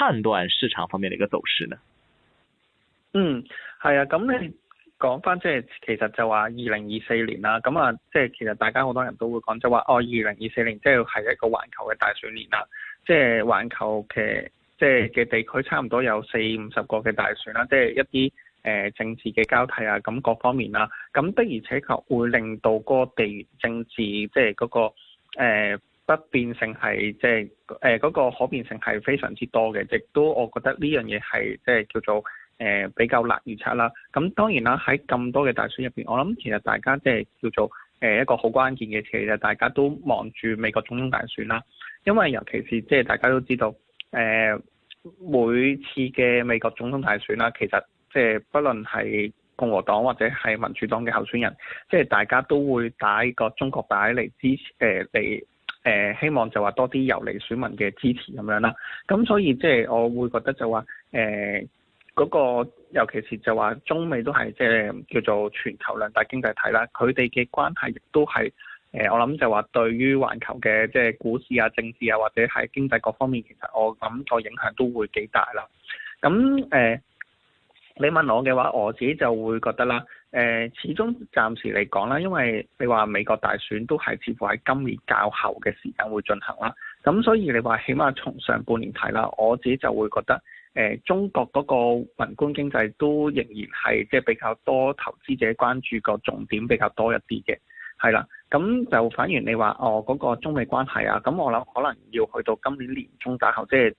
判斷市場方面嘅一個走勢呢？嗯，係啊，咁你講翻即係，其實就話二零二四年啦，咁啊，即係其實大家好多人都會講、就是，就話哦，二零二四年即係係一個環球嘅大選年啦，即、就、係、是、環球嘅即係嘅地區差唔多有四五十個嘅大選啦，即、就、係、是、一啲誒、呃、政治嘅交替啊，咁各方面啦，咁的而且確會令到嗰個地政治即係嗰個、呃不變性係即係誒嗰個可變性係非常之多嘅，亦都我覺得呢樣嘢係即係叫做誒、呃、比較難預測啦。咁當然啦，喺咁多嘅大選入邊，我諗其實大家即係叫做誒、呃、一個好關鍵嘅事，就大家都望住美國總統大選啦。因為尤其是即係、就是、大家都知道誒、呃、每次嘅美國總統大選啦，其實即係不論係共和黨或者係民主黨嘅候選人，即、就、係、是、大家都會打個中國牌嚟支持誒嚟。呃誒希望就話多啲遊離選民嘅支持咁樣啦，咁所以即係我會覺得就話誒嗰個，尤其是就話中美都係即係叫做全球兩大經濟體啦，佢哋嘅關係亦都係誒我諗就話對於環球嘅即係股市啊、政治啊或者係經濟各方面，其實我諗個影響都會幾大啦。咁誒，你問我嘅話，我自己就會覺得啦。誒、呃，始終暫時嚟講啦，因為你話美國大選都係似乎喺今年較後嘅時間會進行啦，咁所以你話起碼從上半年睇啦，我自己就會覺得，誒、呃，中國嗰個宏觀經濟都仍然係即係比較多投資者關注，個重點比較多一啲嘅，係啦，咁就反而你話哦嗰、那個中美關係啊，咁我諗可能要去到今年年中大後即係。